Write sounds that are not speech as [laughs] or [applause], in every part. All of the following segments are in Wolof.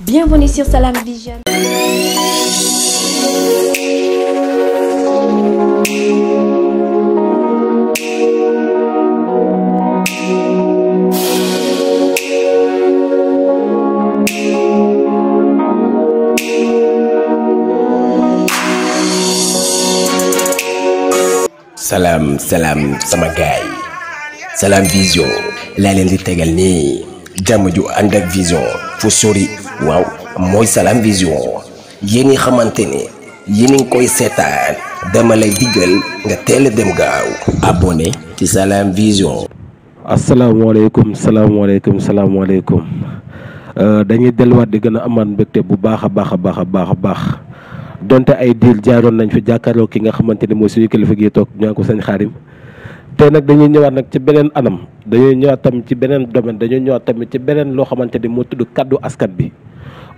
Bienvenue sur Salam salaam Vision laa leen di tegal nii jàmm ju ànd ak vision fu sori waaw mooy salaam Vision yéen ñi xamante ni yéen ngi koy seetaan dama lay diggal nga teel a dem gaaw abonné ci Salam Vision. asalaamaaleykum salaamaaleykum salaamaaleykum euh, dañuy delluwaat di gën a amaat mbégte bu baax a baax a baax a baax a baax. donte ay diil jaaroon nañ fi jàkkaarloo ki nga xamante ne mooy suñu kilifa gi toog ñaa ko sañ xaarim te nag dañuy ñëwaat nag ci beneen anam dañuy ñëwaat tamit ci beneen domaine dañuy ñëwaat tamit ci beneen loo xamante ni moo kàddu askan bi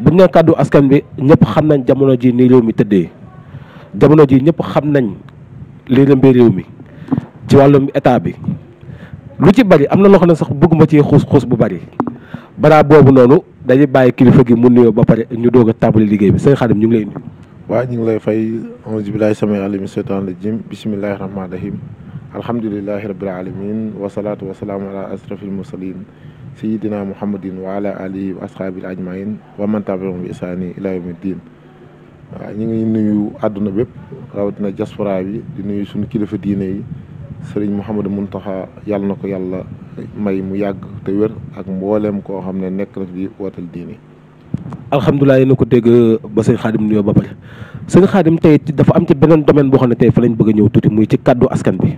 bu ñu askan bi ñëpp xam nañ jamono ji ni réew mi tëddee jamono ji ñëpp xam nañ li lëmbee réew mi ci wàllum état bi lu ci bari am na loo xam ne sax bëgguma ci xuus xuus bu bari balaa boobu noonu dañuy bàyyi kilifa gi mu nuyoo ba pare ñu doog a tàmbali liggéey bi sëñ Xaadim ñu ngi lay nuyu. waaw ñu ngi lay fay auzu billaahi samii alimi seytaan la jim bismillaahi rahmaani rahim alhamdulillahi rabbil alamin wasalaatu wasalaamu ala asrafil mursalin sayidina muhammadin wa ala alihi wa ashaabil ajmain wa bi isaani ila yawmi diin ñu ngi nuyu àdduna bépp rawatina diaspora bi di nuyu suñu kilifa diine yi sëriñ Mouhamadou Mountakha yàlla na ko yàlla may mu yàgg te wér ak mbooleem koo xam ne nekk na fi wootal diine. alhamdulilah yéen ko dégg ba sëñ xaadim nuyoo ba pare sëñ xaadim tey dafa am ci beneen domaine boo xam ne tey fa lañ bëgg ñëw tuuti muy ci kàddu askan bi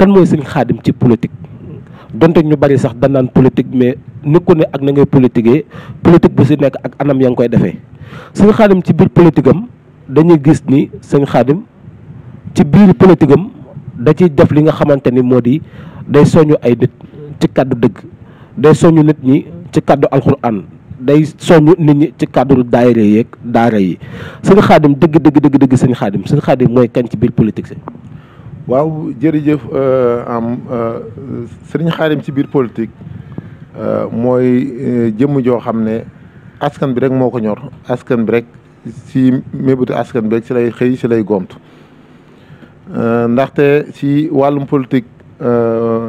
kan mooy sëñ xaadim ci politique. donte ñu bari sax danaan politique mais ni ku ne ak na ngay politiquer politique bu si nekk ak anam yaa ngi koy defee suñu xaadim ci biir politique dañuy gis ni sëñ xaadim ci biir politique am da ciy def li nga xamante ni moo di day soñu ay nit ci kàddu dëgg day soñu nit ñi ci kàddu alxuraan day soñu nit ñi ci kàddu daayira yeeg daara yi sëñ xaadim dëgg dëgg dëgg dëgg sëñ xaadim suñu xaadim mooy kañ ci biir politique si waaw jërëjëf euh, am euh, sëriñ xaarim ci biir politique euh, mooy jëmm joo xam ne askan bi rek moo ko ñor askan bi rek si mébétu askan bi rek si lay xëy si lay gont ndaxte si wàllum politique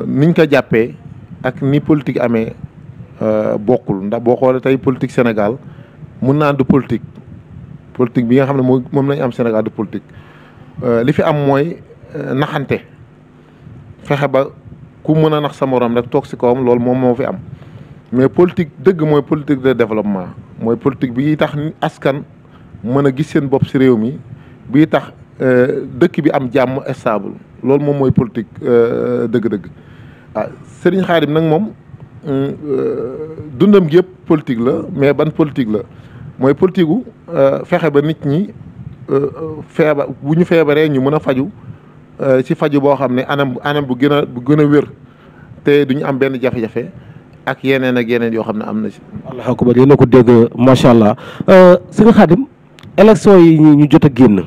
niñ ko jàppee ak ni politique amee bokkul ndax boo xoolee tey politique Sénégal mun naa du politique politique bi nga xam ne moom lañ am Sénégal du politique li fi am mooy Euh, naxante fexe ba ku mën a nax sama morom rek toog si kawam loolu moom moo fi am mais politique dëgg mooy politique de développement mooy politique bi tax askan mën a gis seen bopp si réew mi bii tax euh, dëkk bi am jàmm stable loolu moom mooy politique euh, dëgg-dëgg ah Serigne Khadim nag moom mm, dundam gi yëpp politique la mais ban politique la mooy politique gu fexe ba nit ñi feebar bu ñu feebaree ñu mën a faju Euh, ci faju boo xam ne anam anam bu gën a bu gën a wér te duñu am benn jafe-jafe ak yeneen ak yeneen yoo xam ne am na ci. allahu akbar yéen a ko dégg macha allah euh, sëñ Khadim élection yi ñu jot a génn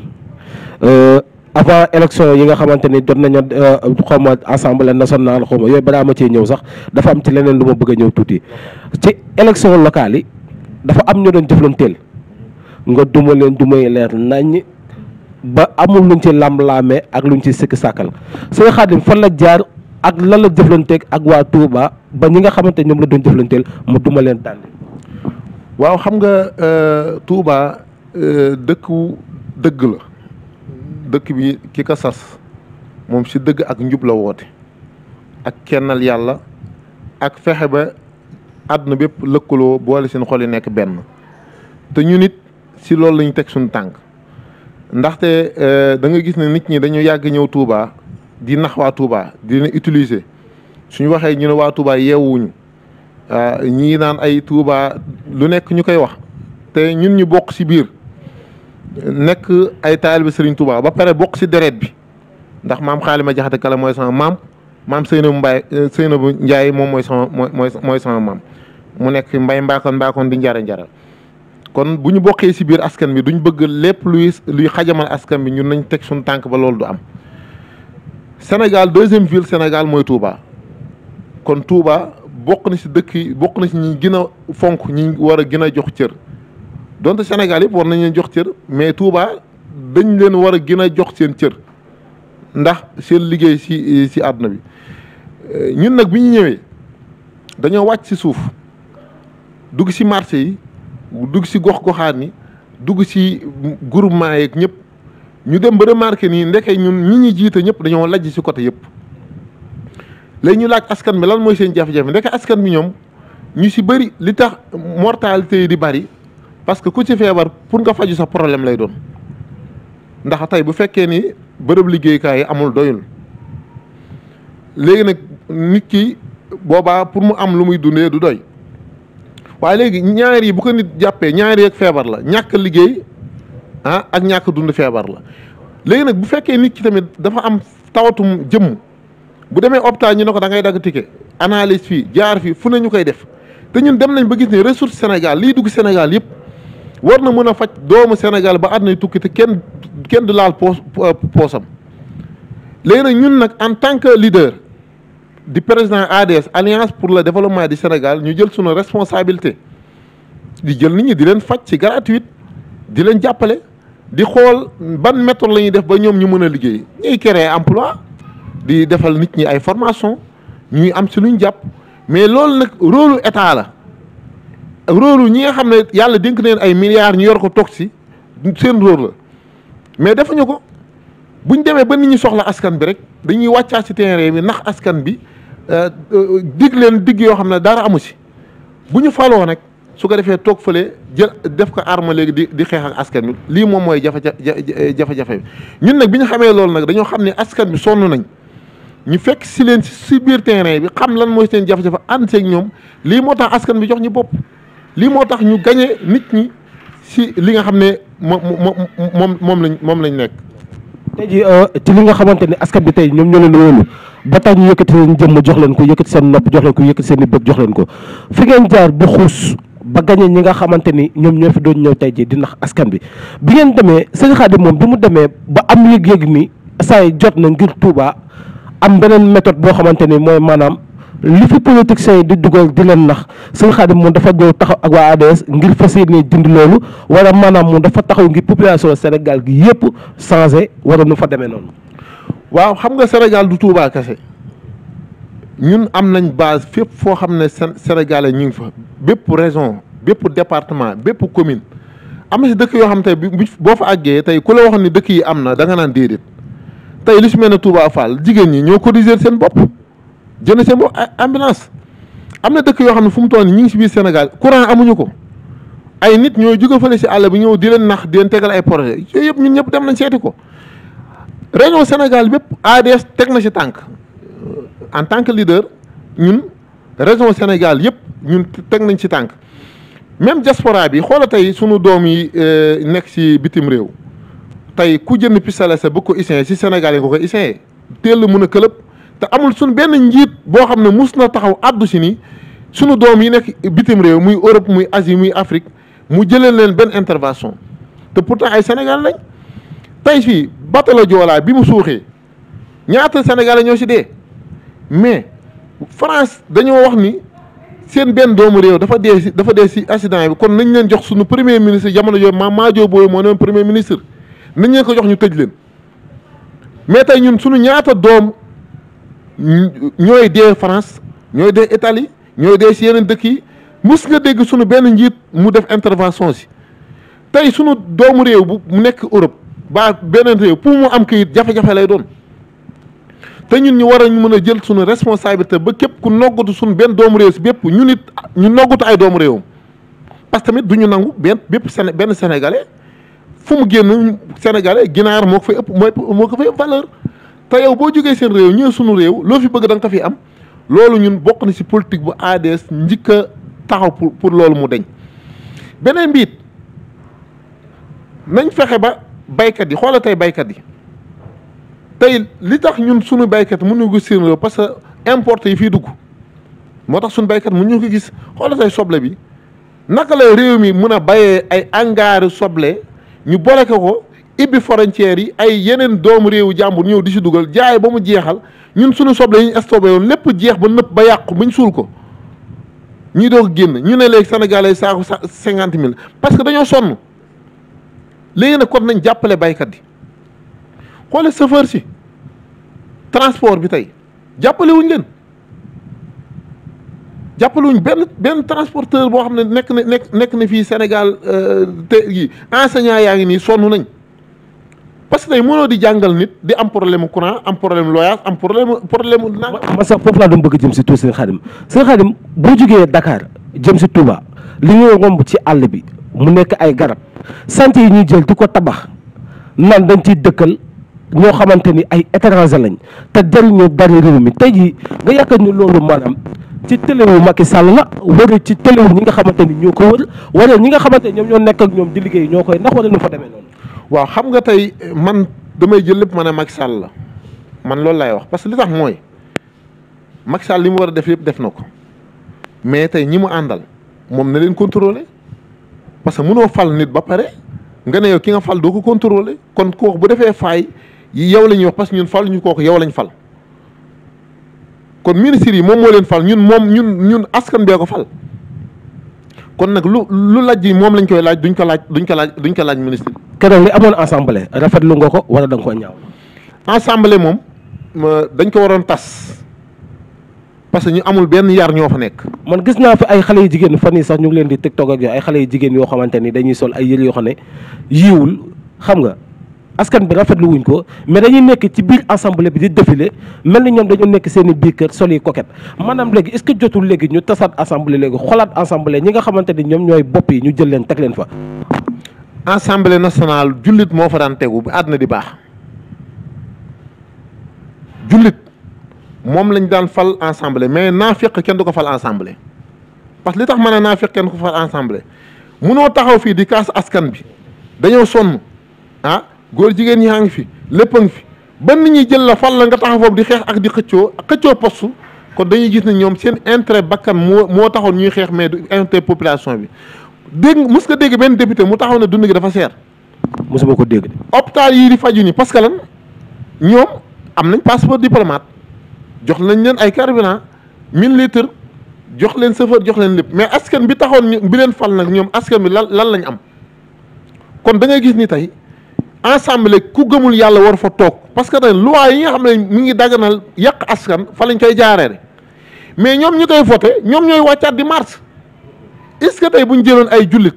euh, avant élection yi nga xamante ni jot nañu xaw ma assemblée nationale xaw ma yooyu balaa ma cee ñëw sax dafa am ci leneen lu ma bëgg a ñëw tuuti ci élection locale yi dafa am ñu doon jëflanteel nga duma leen dumay leer naññ ba amul luñ ci lamlaame ak luñ ci sëkk sàkkal sëñ Xaadim fan la jaar ak lan la jëflanteeg ak waa tuuba ba ñi nga xamante ñoom la doon jëflanteel mu duma leen tànn. waaw xam nga euh, Touba euh, dëkku dëgg la dëkk bi ki ko sas moom si dëgg ak njubla woote ak kennal yàlla ak fexe ba àdduna bépp lëkkaloo boole seen xol yi nekk benn te ñu nit si loolu lañu teg suñu tànk. ndaxte euh, da nga gis ne nit ñi dañu yàgg ñëw Touba di nax waa Touba di leen utiliser suñu waxee ñu ne waa Touba yeewuñu ah, ñii naan ay Touba lu nekk ñu koy wax te ñun ñu bokk ci biir nekk ay taalibe Serigne Touba ba pare bokk ci deret bi ndax maam Xaalima Jaxate Kala mooy sama maam maam Seynabou Mbaye euh, Seynabou Ndiaye moom mooy sama mooy mooy sama maam mu nekk mbay mbaakoon mbaakon di njara njara kon bu ñu bokkee si biir askan bi duñ bëgg lépp luy luy xajamal askan bi ñun nañ teg suñu tànk ba lool du am Sénégal deuxième ville Sénégal mooy Touba kon Touba bokk na si dëkk yi bokk na si ñi gën a fonk ñi war a gën a jox cër donte Sénégal yëpp war nañ leen jox cër mais Touba dañ leen war a gën a jox seen cër ndax seen liggéey si si àdduna bi euh, ñun nag bi ñu ñëwee dañoo wàcc si suuf dugg si marché yi. dugg si gox goxaan ni dugg si groupement yeeg ñëpp ñu dem ba remarqué nii ndeke ñun ñi ñu jiite ñëpp dañoo lajj si côté yëpp. léegi ñu laaj askan bi lan mooy seen jafe-jafe ndeke askan bi ñoom ñu si bëri li tax mortalité yi di bëri parce que ku ci feebar pour nga faju sa problème lay doon ndax tey bu fekkee ni bërëb liggéeykaay yi amul doyul léegi nag nit ki boobaa pour mu am lu muy dundee du doy. waaye léegi ñaar bu ko nit jàppee ñaar yeeg feebar la ñàkk liggéey ah ak ñàkk dund feebar la léegi nag bu fekkee nit ki tamit dafa am tawatum jëmm bu demee opitaal ñu ne ko da ngay dagg ticket analyse fii jaar fii fu ne ñu koy def te ñun dem nañ ba gis ne ressource Sénégal liy dugg Sénégal yëpp war na mën a faj doomu Sénégal ba na tukki te kenn kenn du laal poos poosam léegi nag ñun nag en tant que leader di président ADS alliance pour le développement du Sénégal ñu jël sunu responsabilité di jël nit ñi di leen faj ci gratuite di leen jàppale di xool ban méthode la ñuy def ba ñoom ñu mën a liggéey ñuy créer emploi di defal nit ñi ay formation ñuy am si luñ jàpp mais loolu nag rôle état la rôle ñi nga xam ne yàlla dénk neen ay milliards ñu yor ko toog si seen rôle mais defañu ko buñ demee ba nit ñi soxla askan bi rek dañuy wàccaat si terrain bi ndax askan bi dig leen digg yoo xam ne daara amu ci bu ñu faloo nag su ko defee toog fële jël def ko arme léegi di di xeex askan bi lii moom mooy jafe-jafe bi ñun nag bi ñu xamee loolu nag dañoo xam ne askan bi sonn nañ ñu fekk si leen si biir terrain bi xam lan mooy seen jafe-jafe ànd seeg ñoom lii moo tax askan bi jox ñu bopp lii moo tax ñu gañe nit ñi si li nga xam ne moom moom moom lañ moom lañ nekk tey ji euh, ci li nga xamante ni askan bi tey ñoom ñoo leen wóolu ba tax ñu yëkkati seen jëmm jox leen ko yëkkati seen nopp jox leen ko yëkkati seen i bëgg jox leen ko fi ngeen jaar ba xuus ba gañe ñi nga xamante ni ñoom ñoo fi doon ñëw tey ji di nax askan bi bi ngeen demee sëñ Xaadim moom bi mu demee ba am yëg-yëg ni saa yi jot na ngir Touba am beneen méthode boo xamante ni mooy maanaam li fi politiciens yi di dugal di leen nax sëñ Xaadim moom dafa ñëw taxaw ak waa ADS ngir fas yéene dindi loolu wala maanaam moom dafa taxaw ngir population Sénégal gi yëpp changé wala nu fa demee noonu. waaw xam nga Sénégal du Touba kese ñun am nañ base fépp foo xam ne Sénégalais ñu ngi fa bépp région bépp département bépp commune am na si dëkk yoo xam tey bi boo fa àggee tey ku la waxoon ni dëkk yi am na da nga naan déedéet tey li si mel ne Touba Fall jigéen ñi ñoo cotiser seen bopp. jënd seen bopp ambulance am na dëkk yoo xam ne fu mu toll ñu ngi si biir Sénégal courant amuñu ko ay nit ñooy jóge fële si àll bi ñëw di leen nax di leen tegal ay projet yëpp ñun ñëpp dem nañ seeti ko région Sénégal bépp ADS teg na si tànk en tant que leader ñun région Sénégal yëpp ñun teg nañ si tànk même diaspora bi xoola tey sunu doom yi euh, nekk si bitim réew tey ku jënd pistolet sa bëgg ko essayer si Sénégal yi nga koy essayer teel la mun a këlëb te amul suñ benn njiit boo xam ne mus na taxaw àddu si ni sunu doom yi nekk bitim réew muy Europe muy Asie muy Afrique mu jëlee leen benn intervention te pourtant ay Sénégal lañ tey fii la Joola bi mu suuxee ñaata Sénégal ñoo si dee mais France dañoo wax ni seen benn doomu réew dafa dee si dafa dee si accident bi kon nañ leen jox sunu premier ministre jamono yooyu ma Maajo Booy moo ne premier ministre nañ leen ko jox ñu tëj leen mais tey ñun sunu ñaata doom. ñooy dee France ñooy dee Italie ñooy dee si yeneen dëkk yi mës nga dégg sunu benn njiit mu def intervention si tey sunu doomu réew bu mu nekk Europe ba beneen réew pour mu am kayit jafe-jafe lay doon te ñun ñu war a mën a jël sunu responsabilité ba képp ku noggatu sunu benn doomu réew si bépp ñu nit ñu noggatu ay doomu réew parce que mit du ñu nangu benn bépp benn sénégalais fu mu génn sénégalais ginaar moo ko fay ëpp moo ko fay ëpp valeur. te yow boo jógee seen réew ñëw suñu réew loo fi bëgg da nga fi am loolu ñun bokk na ci politique bu ADS njëkk a taxaw pour pour loolu mu deñ beneen mbiit nañ fexe ba baykat yi xoola tey baykat yi tey li tax ñun suñu baykat mënuñu ko gis seen réew parce que importé yi fii dugg moo tax suñu baykat mu mënuñu ko gis xoola tey soble bi naka la réew mi mun a bayee ay angaaru soble ñu boole ko ko ibbi frontières yi ay yeneen doomu réewu jàmbur ñëw di si dugal jaay ba mu jeexal ñun suñu soble yi ñu stocké woon lépp jeex ba nëpp ba yàqu ba ñu suul ko ñuy doog génn ñu ne léegi Sénégal ay saaku cinquante mille parce que dañoo sonn léegi nag kon nañ jàppale baykat yi xoole chauffeur si transport bi tey jàppale wuñ leen jàppale wuñ benn benn transporteur boo xam ne nekk na nekk nekk na fii Sénégal euh, te yi enseignant yaa ngi nii sonn nañ parce que tey mënoo di jàngal nit di am problème courant am problème loyer am problème problème naan. ma sax foofu laa doon bëgg jëm si tuuti boo jógee dakaar jëm si Touba li ñuy romb ci àll bi mu nekk ay garab sant yi ñuy jël di ko tabax nan dañ ciy dëkkal ñoo xamante ni ay étranger lañ te jëriñoo bari réew mi tey jii nga yaakaar ni loolu maanaam. ci téléwu Macky Sall la wala ci téléwu ñi nga xamante ni ñoo ko wër wala ñi nga xamante ni ñoom ñoo nekk ak ñoom di liggéey noonu. waaw xam nga tey man damay jël lépp ma ne Macky Sall la man loolu lay wax parce que li tax mooy Macky Sall li mu war a def yëpp def na ko mais tey ñi mu àndal moom na leen contrôler parce que mënoo fal nit ba pare nga ne yow ki nga fal doo ko contrôler kon kooku bu defee faay yow la ñuy wax parce que ñun fal ñu kooku yow lañ fal. kon ministres yi moom moo leen fal ñun moom ñun ñun askan bee ko fal. kon nag lu lu laaj yi moom lañ koy laaj duñ ko laaj duñ ko laaj duñ ko laaj ministre keroog li amoon assemblée rafetlu nga ko wala da nga ko ñaaw assemblée moom dañ ko waroon tas parce que ñu amul benn yar ñoo fa nekk man gis naa fi ay xale yu jigéen fan yi sax ñu leen di TikTok ak yooyu ay xale yu jigéen yoo xamante ni dañuy sol ay yére yoo xam ne yiiwul xam nga askan bi rafetlu wuñ ko mais dañuy nekk ci biir assemblée bi di défilé mel ni ñoom dañoo nekk seen i biir sol yi coquette maanaam léegi est-ce que jotul léegi ñu tasaat assemblée léegi xolaat assemblée ñi nga xamante ni ñoom ñooy bopp yi ñu jël leen teg leen fa. assemblée nationale jullit moo fa daan tegu ba àdduna di baax jullit moom lañ daan fal assemblée mais naafiq kenn du ko fal assemblée parce que li tax ma ne naafiq kenn du ko fal assemblée munoo taxaw fii di kaas askan bi dañoo sonn ah, góor jigéen ñi ngi fi lépp a ngi fi ba nit ñi jël la fal la nga taxaw foofu di xeex ak di xëccoo xëccoo post kon dañuy gis ne ñoom seen intérêt bakkan moo moo taxoon ñuy xeex mais du intérêt population bi dégg mos nga dégg benn député mu taxaw ne dund gi dafa seer. mosuma ko dégg. hôpital yi di faju ni parce que lan ñoom am nañ passeport diplomate jox nañ leen ay carburant 1000 litres jox leen chauffeur jox leen lépp mais askan bi taxoon bi leen fal nag ñoom askan bi lan lan lañ am kon da gis ni tey. ensemble ku gëmul yàlla war fa toog parce que dañ loi yi nga xam ne mu ngi daganal yàq askan fa lañ koy jaaree mais ñoom ñi koy voté ñoom ñooy wàccaat di mars est-ce que tey bu ñu jëloon ay jullit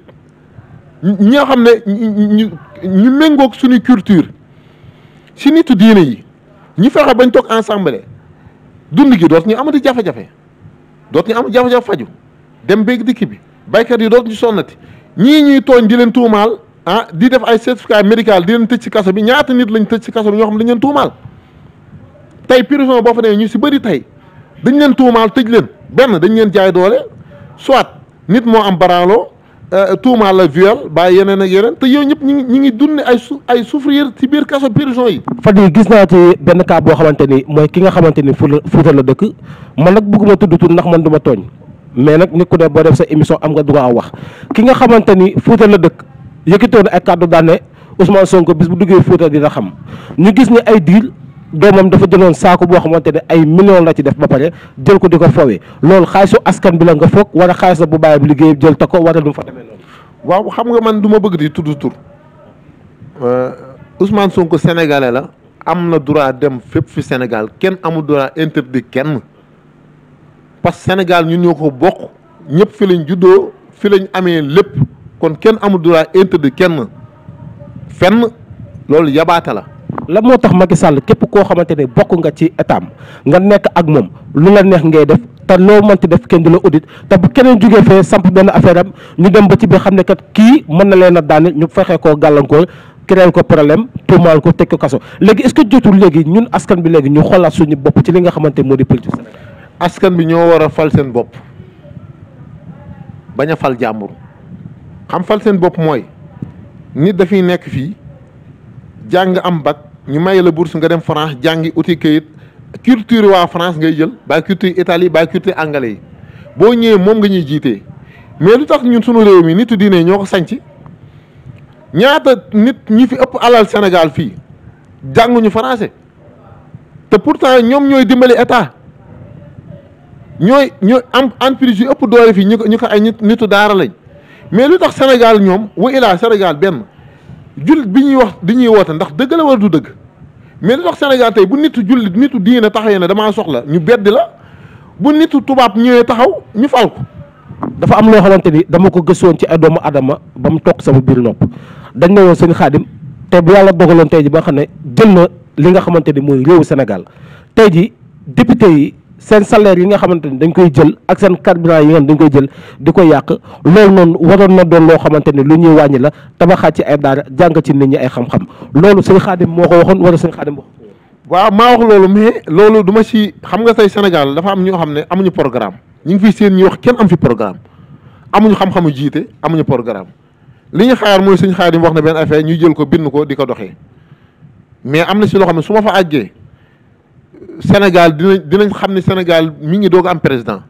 ñi nga xam ne ñu ñu méngoog suñu culture si nitu diine yi ñu fexe bañ toog ensemble dund gi doot ñu amati jafe-jafe doot ñu am jafe-jafe faju dem béeg dikk bi baykat yi doot ñu sonnati ñii ñuy tooñ di leen tuumaal ah di def ay certificat médical di leen tëj ci kaso bi ñaata nit lañ tëj ci kaso bi ñoo xam dañ leen tuumaal tey prison boo fa nee ñu si bëri tey dañ leen tuumaal tëj leen benn dañ leen jaay doole soit nit moo am baranloo euh, tuumaal la viol bàyyi yeneen ak yeneen te yooyu ñëpp ñu ngi ñu ngi dund ay su ay souffrir ci biir kaso prison yi. fan yii gis naa ci benn cas boo xamante ni mooy ki nga xamante ni fu la Fuuta la dëkk man nag bëgguma tudd tur ndax man du ma tooñ mais nag nit ku ne boo sa émission am nga droit wax ki nga xamante ni Fuuta la dëkk. yëkkatoon ay kàddu daan ne Ousmane Sonko bis bu duggee Fouta dina xam ñu gis ni ay diil doomam dafa jëloon saako boo xamante ne ay million la ci def ba pare jël ko di ko fawee loolu xaalisu askan bi la nga foog wala xaalis la bu bàyyi bi liggéey jël ta ko wala du mu fa demee noonu. waaw xam nga man du ma bëgg di tudd tur euh, Ousmane Sonko sénégalais la am na droit dem fépp fi Sénégal kenn amul droit interdit kenn parce que Sénégal ñun ñoo ko bokk ñëpp fi lañ juddoo fi lañ amee lépp. kon kenn amul droit interdit kenn fenn loolu yabaate la. lan moo tax Macky Sall képp koo xamante ne bokk nga ci état nga nekk ak moom lu la neex ngay def te loo mënti def kenn du la audit te bu keneen jógee fee samp benn affaire am ñu dem ba ci bi xam ne kat kii mën na leen a daane ñu fexe koo gàllankoor créer ko problème tuumaal ko teg ko kaso léegi est-ce que jotul léegi ñun askan bi léegi ñu xoolaat suñu bopp ci li nga xamante moo di politique askan bi ñoo war a fal seen bopp bañ xam-fal seen bopp mooy nit dafiy nekk fii jàng am bac ñu may la bourse nga dem France jàngi uti kayit culture waa France ngay jël ba culture Italie ba culture anglais yi boo ñëwee moom nga ñuy jiitee mais lu tax ñun sunu réew mi nit diine ñoo ko sanc ñaata nit ñi fi ëpp alal senegal fii jànguñu français te pourtant ñoom ñooy dimbali état ñooy ñooy am entreprise yu ëpp doole fii ñu ko ñu ko ay nitu daara lañ mais lu tax Sénégal ñoom wa ilaa Sénégal benn jullit bi ñuy wax di ñuy woote ndax dëgg la war du dëgg mais lu tax Sénégal tey bu nitu jullit nitu diine taxawee ne damaa soxla ñu bedd la bu nitu tubaab ñëwee taxaw ñu fal dafa am loo xamante ni dama ko gëstoon ci ay doomu adama ba mu toog sama biir nopp dañ ne woon seen xaadim te bu yàlla dogaloon tey ji ba nga xam ne jël na li nga xamante ni mooy réewu Sénégal tey ji député yi. seen salaire yi nga xamante ni dañ koy jël ak seen carburant yi nga dañ koy jël di ko yàq loolu noonu waroon na doon loo xamante ni lu ñuy wàññi la tabaxaat ci ay daara jàng ci nit ñi ay xam-xam loolu sëñ Xaadim moo ko waxoon wala sëñ Xaadim wax waaw maa wax loolu mais loolu du si xam nga tey Sénégal dafa am ñoo xam ne amuñu programme ñu ngi fi seen ñuy wax kenn am fi programme amuñu xam-xamu jiite amuñu programme li ñu xaar mooy sëñ Xaadim wax na benn affaire ñu jël ko bind ko di ko doxee mais am na si loo xam ne su ma fa àggee Sénégal dina dinañ xam ne Sénégal mi ngi doog am président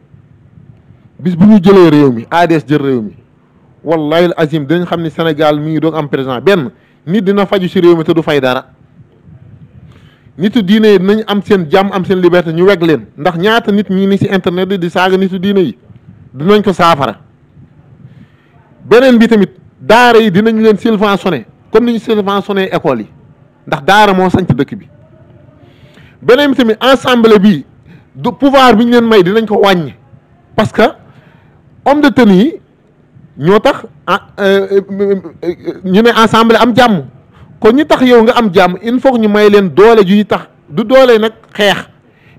bis bu ñu jëlee réew mi ADS jël réew mi wallahi azim dinañ xam ne Sénégal mi ngi doog am président benn nit dina faju ci réew mi te du fay dara nitu diine yi dinañ am seen jàmm am seen liberté ñu weg leen ndax ñaata nit ñi ni ci internet di saaga nitu diine yi dinañ ko saafara beneen bi tamit daara yi dinañ leen subventionné comme ni ñu subventionné école yi ndax daara moo sañ ci dëkk bi beneen bi tamit assemblée bi du pouvoir bi ñu leen may dinañ ko wàññi parce que homme de tenue yi ñoo tax euh, euh, ñu ne assemblée am jàmm kon ñi tax yow nga am jàmm il foog ñu may leen doole ju ñu tax du doole nag xeex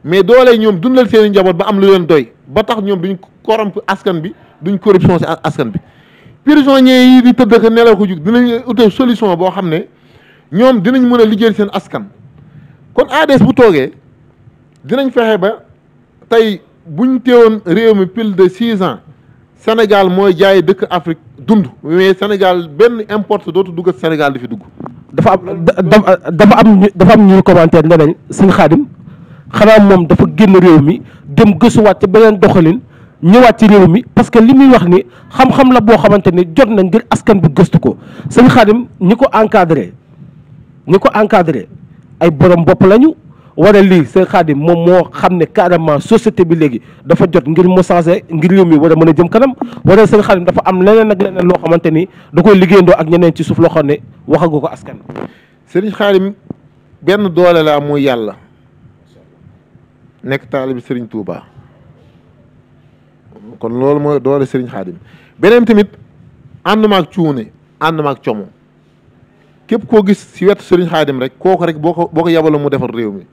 mais doole ñoom dundal seen njaboot ba am lu leen doy ba tax ñoom duñ corrompre askan bi duñ corruption si askan bi prisonniers yi di tëdd ko nelaw ko jug dinañ utal solution boo xam ne ñoom dinañ mën a liggéeyal seen askan kon ADS bu toogee dinañ fexe ba tey buñ teewoon réew mi pile de six ans Sénégal mooy jaay dëkk Afrique dund mais Sénégal benn importe dootu dugg Sénégal di fi dugg. dafa am dafa am dafa am ñu commentaire nee nañ sëñ Xaadim xanaa moom dafa génn réew mi dem gësuwaat ci beneen doxalin ñëwaat ci réew mi parce que li muy wax ni xam-xam la boo xamante ni jot na ngir askan bi gëstu ko sëñ Xaadim ñi ko encadré ñi ko encadré. ay borom bopp lañu wara lii seen xaadim moom moo xam ne carrément société bi léegi dafa jot ngir mu changé ngir réew mi war a mën a jëm kanam wara seen xaadim dafa am leneen ak leneen loo xamante ni da koy liggéeyandoo ak ñeneen ci suuf loo xam ne waxagu ko askan sëriñ xaadim benn doole la muy yàlla nekk taalibi sëriñ Touba kon loolu mooy doole sëriñ xaadim beneen tamit ànduma ak cuune ànduma ak como képp koo gis si wetu Serigne dem rek kooku rek boo ko boo ko yabaloon mu defar réew mi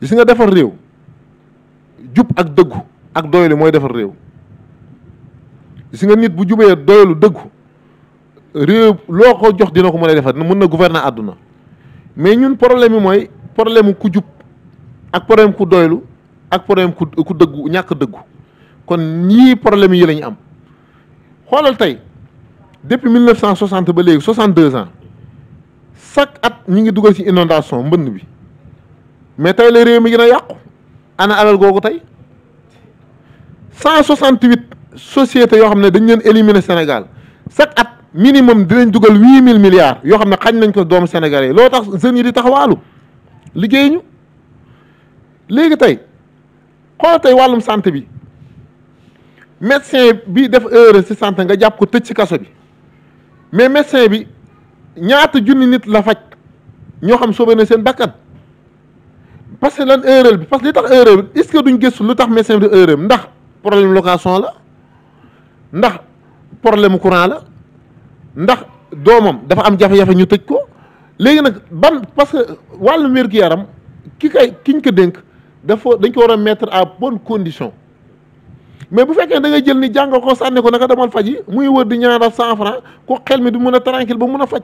gis nga defar réew jub ak dëggu ak doylu mooy defar réew gis nga nit bu jubee doylu dëggu réew loo ko jox dina ko mën a defar na mën na gouverner àdduna mais ñun problème bi mooy problème ku jub ak problème ku doylu ak problème ku ku dëggu ñàkk dëggu kon ñii problème yi la ñu am xoolal tey depuis 1960 ba léegi 62 ans. chaque at ñi ngi dugal ci inondation mbënd bi mais tey la réew mi gën a yàqu ana alal googu tey cent soixante huit sociétés yoo xam ne dañ leen éliminer Sénégal chaque at minimum dinañ dugal huit mille milliards yoo xam ne xañ nañ ko doomu sénégalais loo tax jeunes yi di taxawaalu liggéey ñu léegi tey xool wàllum santé bi médecin bi def erreur ci santé nga jàpp ko tëj ci kaso bi mais médecin bi ñaata junni nit la faj ñoo xam soobee na seen bakkan parce que lan erreur bi parce que li tax erreur bi est-ce que duñ gëstu lu tax médecin bi erreur ndax problème location la ndax problème courant la ndax doomam dafa am jafe-jafe ñu tëj ko léegi nag ban parce que wàllu wér-gu-yaram ki kay kiñ ko dénk dafa dañ ko war a mettre à bonne condition mais bu fekkee da ngay jël ni jàngal ko sànni ko naka demal faj yi muy wër di ñaanal cent franc ko xel mi du mën a tranquille ba mun a faj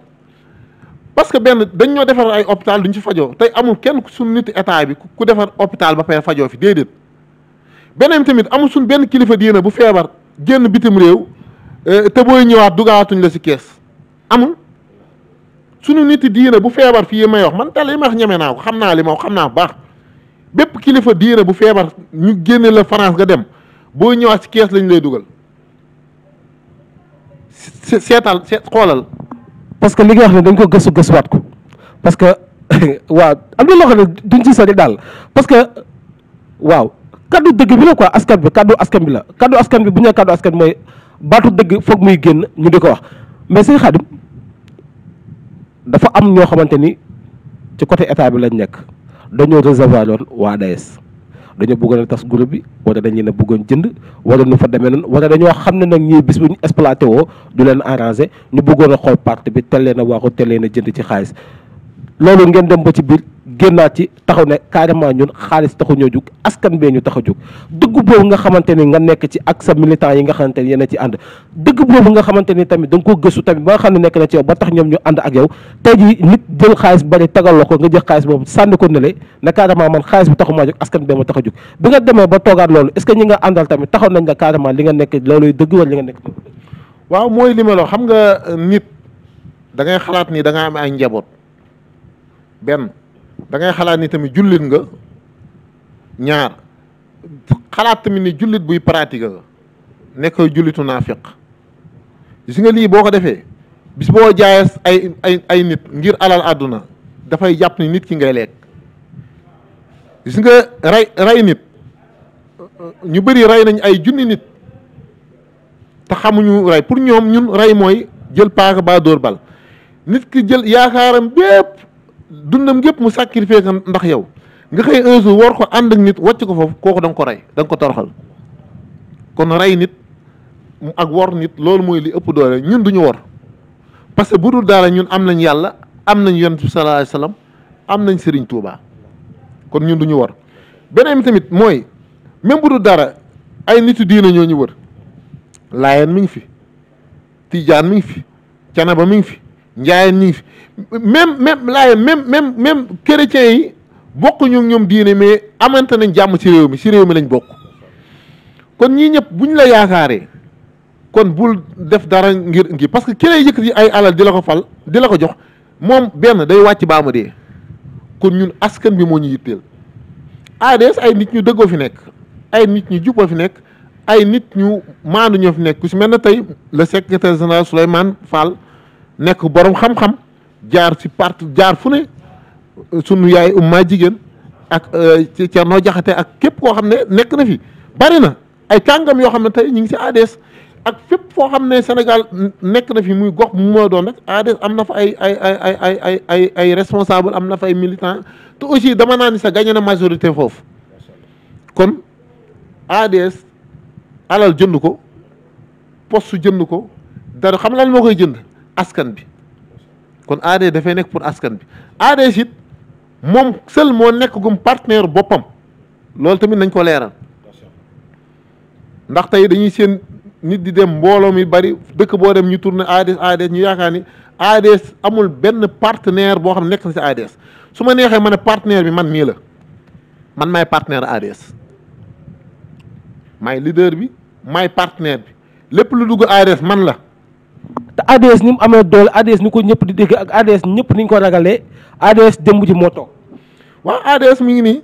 parce que benn dañ ñoo defar ay hôpital ñu ci fajoo tey amul kenn suñ nit état bi ku defar hôpital ba pare fajoo fi déedéet beneen tamit amul suñ benn kilifa diina bu feebar génn bitim réew euh, te booy ñëwaat dugaatuñ la si kees amul suñu nit diina bu feebar fii may wax man te li ma wax ñeme naa ko xam naa li ma xam naa bu baax bépp kilifa diina bu feebar ñu génne la France nga dem booy ñëwaat si kees lañ lay dugal seetal seet xoolal parce que li nga wax ne dañ ko gëstu gëstuwaat ko parce que [laughs] waaw am na loo xam ne duñ ci sori daal parce que waaw kaddu dëgg bi la quoi askan bi kaddu askan bi la kaddu askan bi bu ñu nee kaddu askan bi mooy baatu dëgg foog muy génn ñu di ko wax mais sëñ Xaadim dafa am ñoo xamante ni ci côté état bi lañ nekk dañoo recevoir loon waa DAES dañoo bëggoon a tas groupe bi wala dañu ne bëggoon jënd wala nu fa demee noonu wala dañoo xam ne nag ñii bis bu ñu exploité woo du leen arrangé ñu bëggoon a xool parti bi tel leen a waaxu tel leen a jënd ci xaalis loolu ngeen dem ba ci biir génnaat ci taxaw ne carrément ñun xaalis taxu ñoo jug askan bee ñu tax a jug dëgg boobu nga xamante ni nga nekk ci ak sa militant yi nga xamante ni yéen a ci ànd dëgg boobu nga xamante ni tamit da ko gëstu tamit ba xam ne nekk na ci yow tax ñoom ñu ànd ak yow tey ji nit jël xaalis bari tagal la ko nga jël xaalis boobu sànni ko nële ne carrément man xaalis bi taxu maa jug askan bee ma tax a jug bi nga demee ba toogaat loolu est-ce que ñi nga àndal tamit taxaw nañ la carrément li nga nekk looluy dëgg wala li nga nekk waaw mooy li ma la xam nga nit da ngay xalaat ni da nga am ay njaboot da ngay xalaat ni tamit jullit nga ñaar xalaat tamit ne jullit buy pratique nga nekk jullitu naafiq si nga lii boo ko defee bis boo jaayee ay ay ay nit ngir alal àdduna dafay jàpp ni nit ki ngay lekk si nga rey rey nit ñu bëri rey nañ ay junni nit te xamuñu rey pour ñoom ñun rey mooy jël paaka baa dóor bal nit ki jël yaakaaram bépp dundam gépp mu sacrifié ko ndax yow nga xëy un jour war ko ànd ak nit wàcc ko foofu kooku da nga ko rey da nga ko toroxal kon rey nit ak wor nit loolu mooy li ëpp doole ñun duñu wor parce que bu dul daara ñun am nañ yàlla am nañ yonent bi sallallahu alayhi am nañ Serigne Touba kon ñun du ñu wor beneen bi tamit mooy même bu dul dara ay nitu diina ñoo ñu wër laayeen mi ngi fi tijaan mi ngi fi canaba mi ngi fi njaayeen ñi ngi fi même même laayeen même même même chrétiens yi bokkuñu ak ñoom diine mais amante nañ jàmm ci réew mi ci réew mi lañ bokk kon ñii ñëpp ñu la yaakaaree kon bul def dara ngir ngi parce que ki lay yëkkati ay alal di la ko fal di la ko jox moom benn day wàcc baa ma dee kon ñun askan bi moo ñu yitteel ADS ay nit ñu dëggoo fi nekk ay nit ñu juboo fi nekk ay nit ñu maandu ñoo fi nekk ku si mel na tey le secrétaire général Souleymane Fall. nekk boroom xam-xam jaar ci part jaar fu ne sunu yaay ummaa jigéen ak euh, ci Thierno Diakhaté ak képp koo xam ne nekk na fi bari na ay kàngam yoo xam ne tey ñu ngi ci ADS ak fépp foo xam ne Sénégal nekk na fi muy gox mu moo doon rek ADS am na fa ay ay ay ay ay ay ay ay responsable am na fa ay militant te aussi dama naa ni sa gagné na majorité foofu kon ADS alal jënd ko su jënd ko dara xam lan moo koy jënd askan bi kon ADS dafay nekk pour askan bi ADS it moom seul moo nekk gum partenaire boppam loolu tamit nañ ko leeral ndax tey dañuy seen nit di dem mbooloo mi bari dëkk boo dem ñu tourné ADS ADS ñu yaakaar ni ADS amul benn partenaire boo xam nekk na si ADS su ma neexee ma ne partenaire bi man mii la man maay partenaire ADS maay leader bi maay partenaire bi lépp lu dugg ADS man la te ADS ni mu amee doole ADS ni ko ñëpp di dégg ak ADS ñëpp ni ñu ko ragalee jëm ji moo toog. waaw ADS mi ngi nii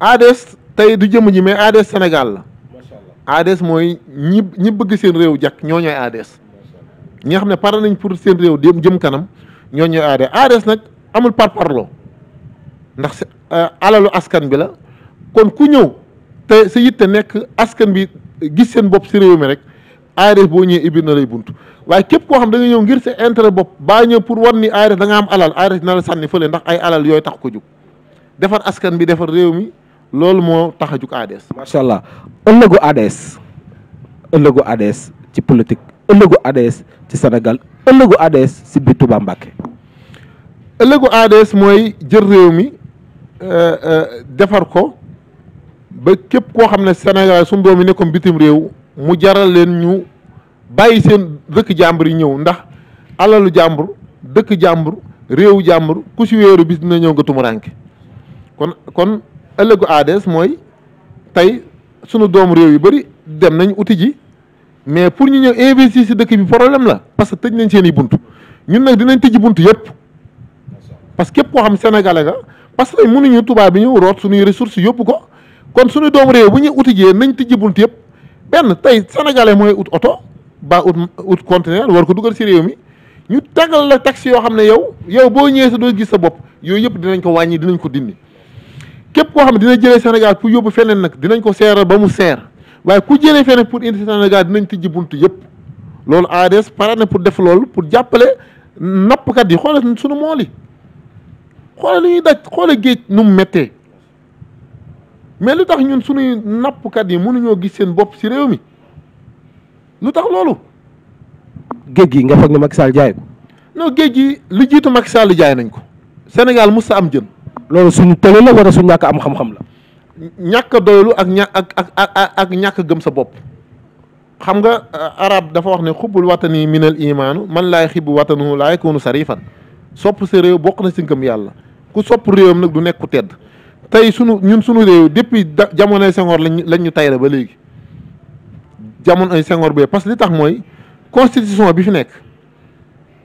ADS tey du jëmm ji mais ADS senegal la. macha ADS mooy ñi ñi bëgg seen réew jàkk ñoo ñooy ADS. ñi nga xam ne pare nañ pour seen réew dem jëm kanam ñoo ñooy ADS nag amul par parloo ndax alalu askan bi la kon ku ñëw te sa yitte nekk askan bi gis seen bopp si réew mi rek. ARS boo ñëwee ibbi na lay buntu waaye képp koo xam da nga ñëw ngir sa intérêt bopp baa ñëw pour war ni ARS am alal ARS dina la sànni fële ndax ay alal yooyu tax ko jug defar askan bi defar réew mi loolu moo tax a jug ADS. macha allah ëllëgu ADS ëllëgu ADS ci politique ëllëgu ADS ci Sénégal ëllëgu ADS si biir Touba Mbacké. ëllëgu ADS mooy jël réew mi euh, euh, defar ko ba képp koo xam ne Sénégal suñu doom yi nekkoon bitim réew. mu jaral leen ñu bàyyi seen dëkk jàmbur yi ñëw ndax alalu jàmbur dëkk jàmbur réewu jàmbur ku si wéeru bis dina ñëw nga tumuranke kon kon ëllëgu ADS mooy tey sunu doom réew yu bëri dem nañ uti ji mais pour ñu ñëw investir si dëkk bi problème la parce que tëj nañ seen i bunt ñun nag dinañ tëj bunt yëpp parce que képp koo xam sénégalais nga parce que mënuñu tubaab bi ñëw root suñuy ressources yóbbu ko kon suñu doom réew bu ñu uti jee nañ tëj bunt yëpp benn tey sénégalais mooy ut oto ba ut ut conteneur war ko dugal si réew mi ñu tegal la taxe yoo xam ne yow yow boo ñëwee sa doo gis sa bopp yooyu yëpp dinañ ko wàññi dinañ ko dindi képp koo xam ne dina jëlee Sénégal pour yóbbu feneen nag dinañ ko seeral ba mu seer waaye ku jëlee feneen pour indi Sénégal dinañ tijji bunt yëpp loolu ADS pare na pour def loolu pour jàppale nappkat yi xoolal suñu mool yi li ñuy daj xoolal géej nu mu méttee mais lu tax ñun suñuy nappkat yi mënuñoo gis seen bopp ci réew mi lu tax loolu. géej gi nga foog ne Macky Sall jaay ko. géej gi lu jiitu Macky Sall jaay nañ ko. Sénégal mës sa am jën. loolu suñu tële la wala suñu ñàkk am xam la. ñàkk doylu ak ña ak ak gëm sa bopp. xam nga euh, arab dafa wax ne xubbul watani minal imaanu man laay xibbu watanu laay koonu sarifan sopp sa réew bokk na si ngëm yàlla ku sopp réewam nag du nekk ku tedd. tey sunu ñun sunu réew depuis jamonoy Senghor lañ lañ ñu tayra ba léegi jamonoy Senghor be parce que li tax mooy constitution bi fi nekk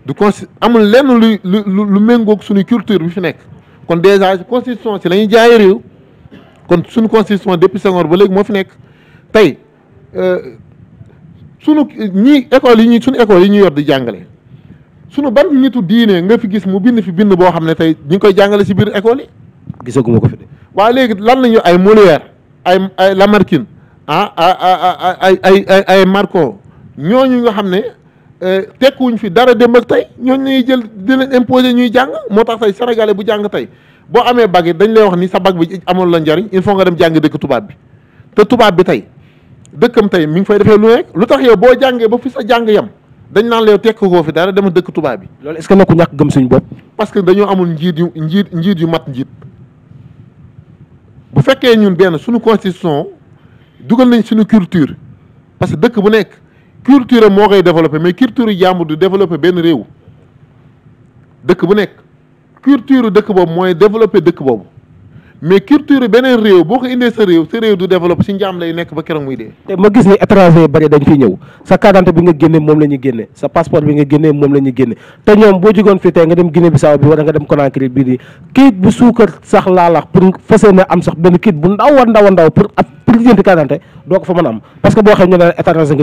du consti amul lenn lu lu lu méngoog suñu culture bi fi nekk kon déjà constitution si la ñuy jaayee réew kon suñu constitution depuis Senghor ba léegi moo fi nekk tey euh, sunu ñi école yi ñu sunu école yi ñuy yor di jàngale sunu ban nitu diine nga fi gis mu bind fi bind boo xam ne tey ñu koy jàngale si biir école yi. gisaguma ko fi de. léegi lan la ñu ay Molière ay ay Lamartine ah ay ay ay ay Marco ñooñu nga xam ne euh, tekkuñ fi dara dem tey ñooñu lañuy jël di leen ñuy jàng moo tax tey sénégalais bu jàng tey boo amee bag yi dañ lay wax ni sa bag bi amoon la njariñ il faut nga dem jàng dëkk tubaab bi tubaab bi tey dëkkam tey mu ngi fay defee lu nekk lu tax yow boo jàngee ba fi sa jàng yam dañ naan leew tekk koo fi dara dem dëkk tubaab bi. loolu est-ce que nekkul ñàkk suñu bopp. parce que dañoo amul njiit yu njiit njiit yu mat njiit. bu fekkee ñun benn suñu constitution dugal nañ suñu culture parce que dëkk bu nekk culture am moo koy développé mais culture jàmbur du développé benn réew dëkk bu nekk culture dëkk boobu mooy développé dëkk boobu mais culture beneen réew boo ko indee sa réew sa réew du développe si njaam lay nekk ba keroog muy dee. te ma gis ni étranger bari dañ fi ñëw sa carte bi nga génne moom la ñuy génne sa passeport bi nga génne moom la ñuy génne te ñoom boo jógoon fii tey nga dem Guinée Bissau bi wala nga dem Conakry bii nii kayit bu suukar sax laa lax pour fas yéene am sax benn kayit bu ndaw a ndaw a ndaw pour ab pour lijjanti doo ko fa mën am parce boo xam n ne fi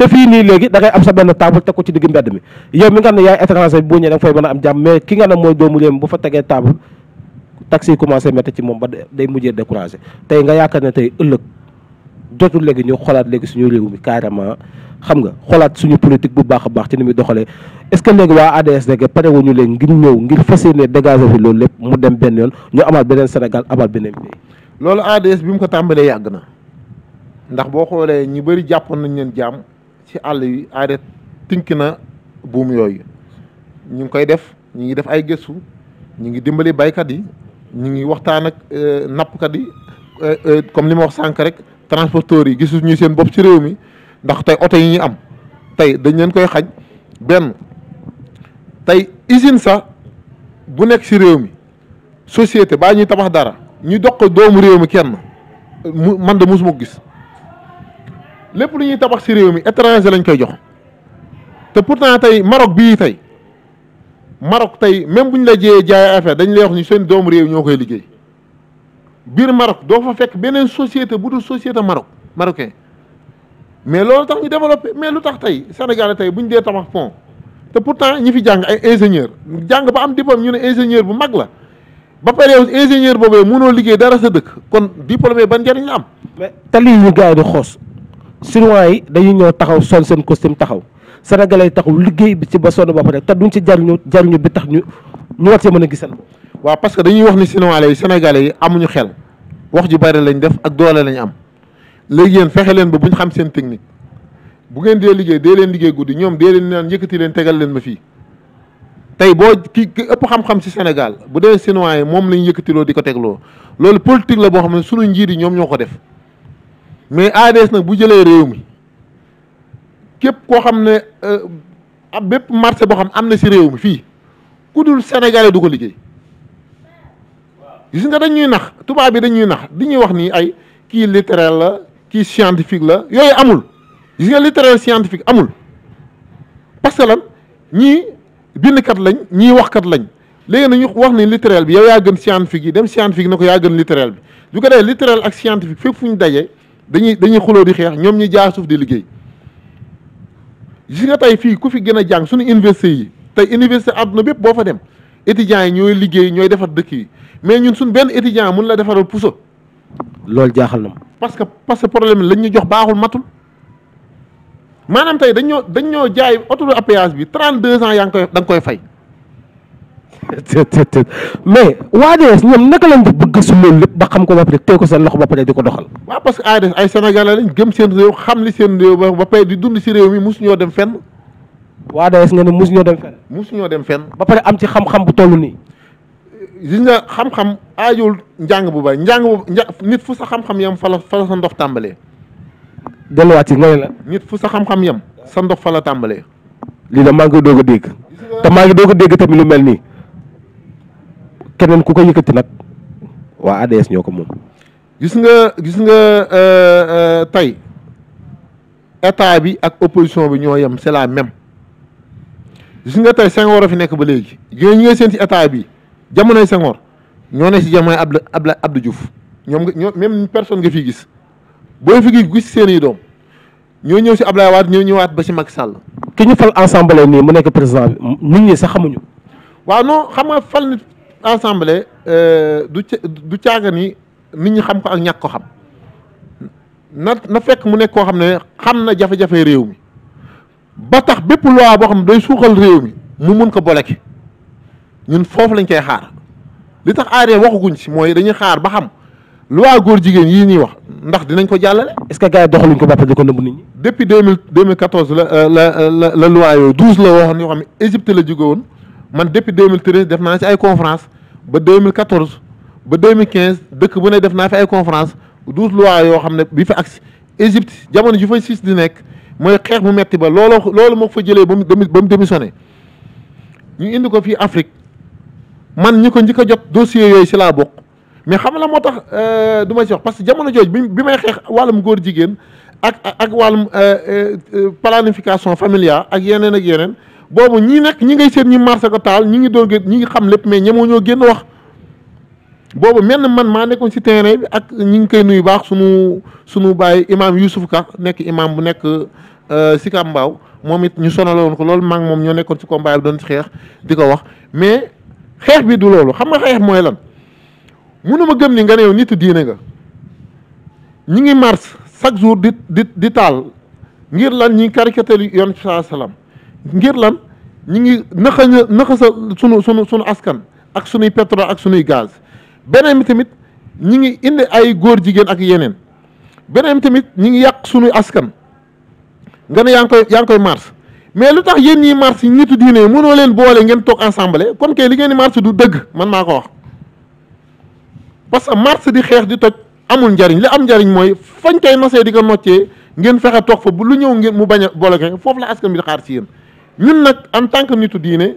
te fii nii léegi da ngay am sa benn table teg boo ñëwee da nga am jàmm mais nga xam ne mooy doomu taxes yi commencé métti ci moom ba day mujjee découragé tey nga yaakaar ne tey ëllëg jotul léegi ñu xoolaat léegi suñu réew mi carrément xam nga xoolaat suñu politique bu baax baax ci ni muy doxalee est ce que léegi waa ADS rek pare wuñu leen ngir ñëw ngir fas yéene dégager loolu lépp mu dem benn yoon ñu amaat beneen Sénégal amaat beneen pays. loolu ADS bi mu ko tàmbalee yàgg na ndax boo xoolee ñi bëri jàppoon nañ leen jaam ci àll yi ADS tinki na buum yooyu ñu ngi koy def ñu ngi def ay gëstu ñu ngi dimbali baykat yi ñu ngi waxtaan ak euh, nappkat yi euh, euh, comme li ma wax sànq rek transporteurs yi gisuñu seen bopp ci réew mi ndax tey oto yi ñu am tey dañ leen koy xaj benn tey usine sax bu nekk ci réew mi société baa ñuy tabax dara ñu dox ko doomu réew mi kenn mu man de mosuma ko gis lépp lu ñuy tabax ci réew mi étranger lañ koy jox te pourtant tey Maroc bii tey Maroc tey même bu ñu la jiyee jaay affaire dañ lay wax ni seen doomu réew ñoo koy liggéey biir Maroc doo fa fekk beneen société bu dul société Maroc marocain mais loolu tax ñu développé mais lu tax tey Sénégal tey bu ñu dee tabax pont te pourtant ñi fi jàng ay ingénieur jàng ba am diplôme ñu ne ingénieur bu mag la ba pare yow ingénieur boobee mënoo liggéey dara sa dëkk kon diplôme ban njëriñ am. mais tali ñu gars yi di xoos chinois yi dañuy ñëw taxaw sol seen costume taxaw. sénégalais yi taxul liggéey bi ci ba sonn ba pare te duñ ci jariñu jariñu bi tax ñu ñu war mën a gisal waaw parce que dañuy wax ni chinois yi sénégalais yi amuñu xel wax ju bari lañ def ak doole lañ am léegi yéen fexe leen ba bu ñu xam seen technique bu ngeen dee liggéey dee leen liggéey guddi ñoom dee leen naan yëkkati leen tegal leen ma fii tey boo ki ëpp xam-xam ci Sénégal bu dee chinois yi moom lañ yëkkatiloo di ko tegloo loolu politique la boo xam ne suñu njiit yi ñoom ñoo ko def mais ADS nag bu jëlee réew mi képp koo xam ne euh, bépp marché boo xam am na si réew mi fii ku dul sénégalais du ko liggéey gis nga dañuy nax tubaab bi dañuy nax di ñuy wax nii ay kii littéraire la kii scientifique la yooyu amul gis nga littéraire scientifique amul parce que lan ñii bindkat lañ ñii waxkat lañ léegi nañu wax ni littéraire bi yow yaa gën scientifique yi dem scientifique na ko yaa gën littéraire bi du ko dee littéraire ak scientifique fépp fu ñu dajee dañuy dañuy xuloo di xeex ñoom ñi jaar suuf di liggéey gis nga tey fii ku fi gën a jàng suñu université yi tey université àdduna bépp boo fa dem étudiants yi ñooy liggéey ñooy defar dëkk yi mais ñun suñ benn étudiant mun la defaral puso. loolu jaaxal na ma. parce que parce que problème lañ ñu jox baaxul matul maanaam tey dañ ñoo dañ ñoo jaay oto à péage bi 32 ans yaa ngi koy da koy fay. mais waa ADS ñoom naka lañ def bëgg su loolu lépp ba xam ko ba pare teg ko seen loxo ba pare di ko doxal. waaw parce que ADS ay Sénégalais lañ gëm seen réew xam li seen réew ba pare di dund si réew mi mosu ñoo dem fenn. waa ADS nga ne mosu ñoo dem fenn. dem fenn. ba pare am ci xam-xam bu toll nii. gis nga xam-xam aajul njàng bu bari njàng bu nit fu sa xam-xam yam fa la fa la sa ndox tàmbalee. delluwaat ci nga ne la. nit fu sa xam-xam yam sa ndox fa la tàmbalee. lii da ngi doog a dégg te maa keneen ku ko yëkkati nag waa ADS ñoo ko moom. gis nga gis nga euh, euh, tey état bi ak opposition bi ñoo yem c'est la même gis nga tey Senghor a fi nekk ba léegi. yooyu ñu ngi seen ci état bi jamonoy Senghor ñoo ne si jamonoy Abdou Abdou Abdou Diouf ñoom nga ñoom même personne nga fiy gis booy fi gis seen i doom ñoo ñëw si Abdoulaye Wade ñoo ñëwaat ba si Macky sàll ki ñu fal ensemble nii mu nekk président bi nit ñi sax xamuñu. waaw non xam nga fal nit assemblée euh, du du caaga ni nit ñi xam ko ak ñàkk ko xam na na fekk mu nekk koo xam ne xam na jafe-jafe réew mi ba tax bépp loi boo xam ne day suuxal réew mi mu mun ko boleke ñun foofu lañ koy xaar li tax aaree waxaguñ ci mooy dañuy xaar ba xam loi góor jigéen yii ñuy wax ndax dinañ ko jàllale. est-ce que gars yi doxaluñ ko bàpp di ko nëbb nit ñi. depuis deux mille quatorze la euh, euh, la la la yooyu douze la waxoon yoo xam ne Égypte la jóge woon man depuis deux mille treize def naa ci ay conférence ba 2014 ba 2015 dëkk bu ne def naa fi ay conférence douze lois yoo xam ne bi fa agsi Égypte jamono ju fa siis di nekk mooy xeex mu metti ba looloo loolu mook ko fa jëlee ba mu ba mu démissionné ñu indi ko fii Afrique man ñi ko njëkk a jot dossier yooyu si laa bokk mais xam la moo tax euh, du ma si wax parce que jamono jooj bi may xeex wàllum góor jigéen ak ak wàllum euh, euh, planification familiale ak yeneen ak yeneen boobu ñii nag ñi ngay seet ñi marché ko taal ñi ngi doon ñi ngi xam lépp mais ñemoo ñoo génn wax boobu menn man maa nekkoon si terrain bi ak ñi ngi koy nuyu baax sunu sunu baay imaam Youssouf Ka nekk imaam bu nekk euh, Sika Mbaaw moom it ñu sonaloon ko loolu maa moom ñoo nekkoon ci combat bi doon ci xeex di ko wax mais xeex bi du loolu xam nga xeex mooy lan mënuma gëm ni nga ne yow nit diine nga ñi ngi mars chaque jour di di di taal ngir lan ñi ngi caricature yoon bi salaam ngir lan ñi ngi naxa sa sunu sunu sunu askan ak sunuy pétrole ak sunuy gaz beneen bi tamit ñi ngi indi ay góor jigéen ak yeneen beneen tamit ñi ngi yàq sunuy askan nga ne yaa ngi koy yaa ngi koy mars mais lu tax yéen ñii mars yi nitu diine mënoo leen boole ngeen toog ensemble kon kay li ngeen di mars du dëgg man maa ko wax parce que mars di xeex di toj amul njariñ li am njariñ mooy fañ koy nasee di ko noccee ngeen fexe toog fa bu lu ñëw ngeen mu bañ a boole foofu la askan bi xaar ci yéen ñun nag en tant que nitu diine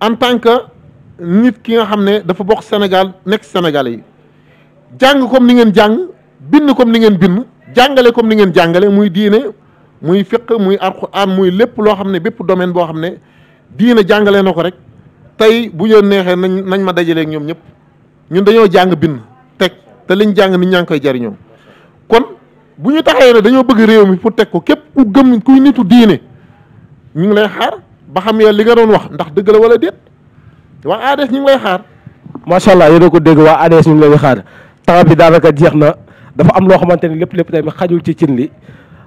en tant que nit ki nga xam ne dafa bokk Sénégal nekk Sénégalais yi jàng comme ni ngeen jàng bind comme ni ngeen bind jàngale comme ni ngeen jàngale muy diine muy fiq muy alxuraan muy lépp loo xam ne bépp domaine boo xam ne diine jàngale na ko rek tey bu ñu neexee nañ nañ ma dajaleeg ñoom ñëpp ñun dañoo jàng bind teg te lañ jàng ni ñaa ngi koy jariñoo kon bu ñu taxee ne dañoo bëgg réew mi pour teg ko képp ku kuy nitu diine. ñu ngi lay xaar ba xam yow li nga doon wax ndax dëgg la wala déet waa ADS ñu ngi lay xaar. macha allah yéen ko dégg waa ADS ñu ngi lay xaar temps bi daanaka jeex na dafa am loo xamante ni lépp lépp tamit xajul ci cin li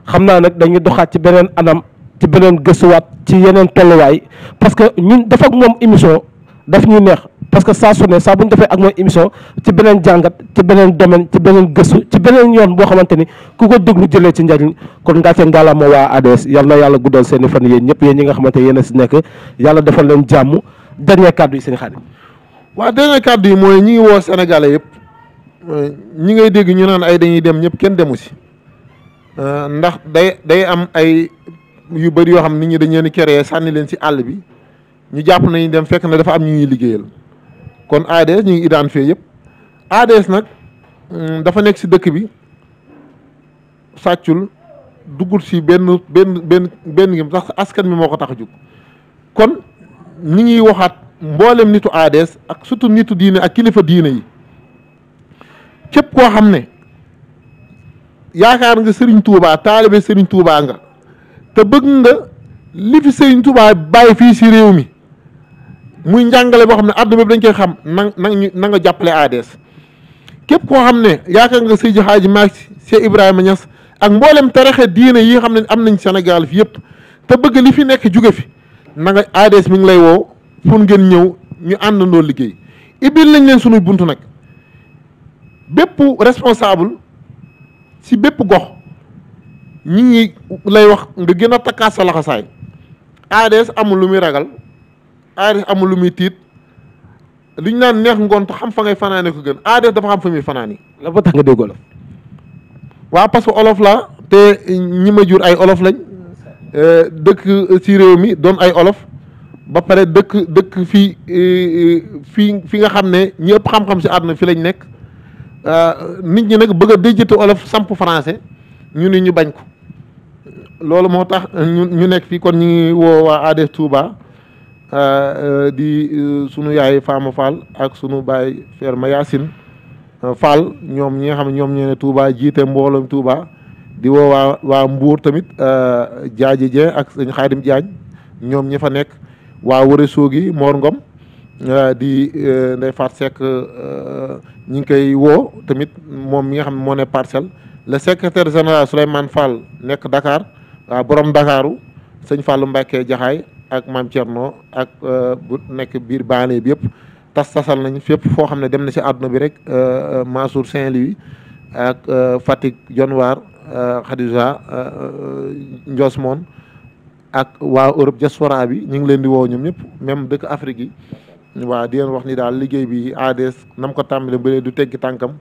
xam naa nag dañuy doxaat ci beneen anam ci beneen gëstuwaat ci yeneen tolluwaay parce que ñun dafa moom émission daf ñu neex. parce que saa su ne saa bu ñu defee ak mooy émission ci beneen jàngat ci beneen domaine ci beneen gëstu ci beneen yoon boo xamante ni ku ko déglu jëlee ci njariñ kon ngaa cee ngaalaa moo waa ADS yal na yàlla guddal seen i fan yéen ñëpp yéen ñi nga xamante yéen a si yàlla defal leen jàmm dernier kàddu yi seen xarit waaw dernier yi mooy ñi ngi woo Sénégalais yëpp euh, ñi ngay dégg ñu naan ay dañuy dem ñëpp kenn demu si euh, ndax day day am ay yu bëri yoo xam nit ñi dañ leen créé sànni leen si àll bi ñu jàpp nañu dem fekk na dafa am ñu ñuy liggéeyal kon ADS ñu ngi identifié yëpp ADS nag mm, dafa nekk si dëkk bi sàccul duggul si benn benn benn benn gi sax askan mi moo ko tax a jóg kon ñi ngi waxaat mboolem nitu ADS ak surtout nitu diine ak kilifa diine yi képp koo xam ne yaakaar nga Serigne Touba taalibe Serigne Touba nga te bëgg nga li fi Serigne Touba bàyyi fii si réew mi. muy njàngale boo xam ne àdduna bi dañ koy xam na na nga jàppale ADS képp koo xam ne yaakaar nga Seydi Hadji Malick Sy Ibrahima Niass ak mboolem tarixa diine yi xam ne am nañ Sénégal fi yëpp te bëgg li fi nekk jóge fi na nga mi ngi lay wow pour ngeen ñëw ñu àndandoo liggéey ibil nañ leen suñuy bunt nag bépp responsable si bépp gox ñi ñi lay wax nga gën a takkaat sa laxasaay ADS amul lu muy ragal aadis amul lu muy tiit li ñu naan neex ngont xam fa ngay fanaane ko gën aadis dafa xam fa muy fanaani la ba tax nga dégg olof waaw parce que olof la te ñi ma jur ay olof lañ mm. euh, dëkk ci réew mi doon ay olof ba pare dëkk dëkk fii euh, euh, fii fi nga xam ne ñi ëpp xam-xam ci àdduna fi lañ nekk nit ñi nag bëgg a déjjate olof samp français ñu nit ñu bañ ko loolu moo tax ñu ñu nekk fii kon ñu ngi woo waa ADS Touba Eh, di eh, sunu yaay Fama Fall ak sunu baay Ferma Yacine eh, Fall ñoom ñi nga xam ne ñoom ñoo ne Touba jiite mbooloom Touba di woo waa waa tamit Diadji Dieng ak sëñ Xaadim Diagne ñoom ñi fa nekk waa Wërësoo gi Mor di Ndeye Faat Seck ñi ngi koy woo tamit moom mi nga xam ne moo ne parcelle le secrétaire général Souleymane Fall nekk Dakar waa borom Dakaru sëñ Fallou Mbacke Jaxaay ak maam Thierno ak euh, bu nekk biir baanee bi yëpp tas tasal nañu fépp foo xam ne dem na ci adduna bi rek euh, euh, Mansour Saint-Louis ak Fatick Dionewar Khadija Ndiosmone ak waa Europe diaspora bi ñu ngi leen di woo ñoom ñëpp même dëkk Afrique yi waaw di leen wax ni daal liggéey bi ADS nam ko tàmbalee ba léegi du teggi tànkam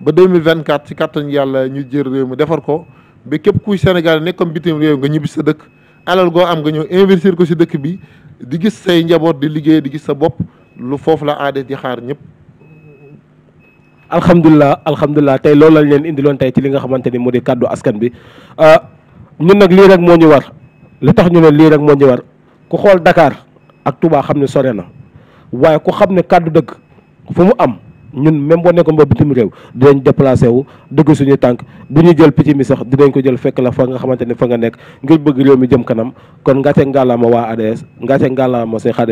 ba 2024 ci kàttan yàlla ñu jër réew mi defar ko ba képp kuy Sénégal nekk comme bitim réew nga ñibbi sa dëkk alal goo am nga ñëw investir ko si dëkk bi di gis say njaboot di liggéey di gis sa bopp lu foofu la aada di xaar ñëpp. alhamdulilah alhamdulilah tey loolu lañ leen indiloon tey ci li nga xamante ni mu di kàddu askan bi ah, ñun nag lii rek moo ñu war li tax ñu ne lii rek moo ñu war ku xool dakaar ak Touba xam ne sore na waaye ku xam ne kàddu dëgg fu mu am. ñun même boo nekkoon ba bitim réew dinañ déplacé wu dëgg suñu tànk bu ñu jël picc mi sax dinañ ko jël fekk la fa nga xamante ne fa nga nekk ngir bëgg réew mi jëm kanam kon ngàcce ngàllaama waa ADS ngàcce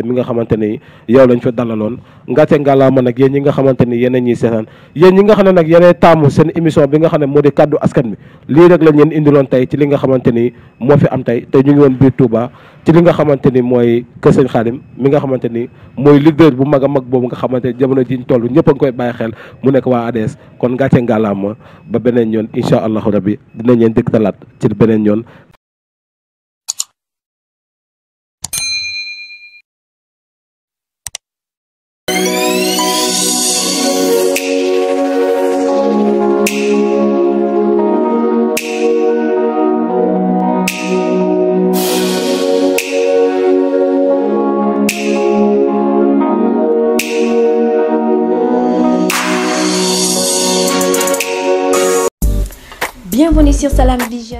mi nga xamante ni yow lañ fa dalaloon ngàcce ngàllaama nag yéen ñi nga xamante ni yéen ñuy seetaan yéen ñi nga xam ne nag yéenay taamu seen émission bi nga xam ne moo di kaddu askan bi lii rek lañ leen indiloon tey ci li nga xamante ni moo fi am tey te ñu ngi woon biir Touba ci li nga xamante ni mooy kër sëñ Xaadim mi nga xamante ni mooy leader bu mag a mag boobu nga xamante jamono jiñ toll ñëpp bàyyi xel mu nekk waa ADS kon ngàcce ngàllaama ba beneen yoon incha allahu rabbi dinañ leen talaat ci beneen yoon abonner sur Salam Vision.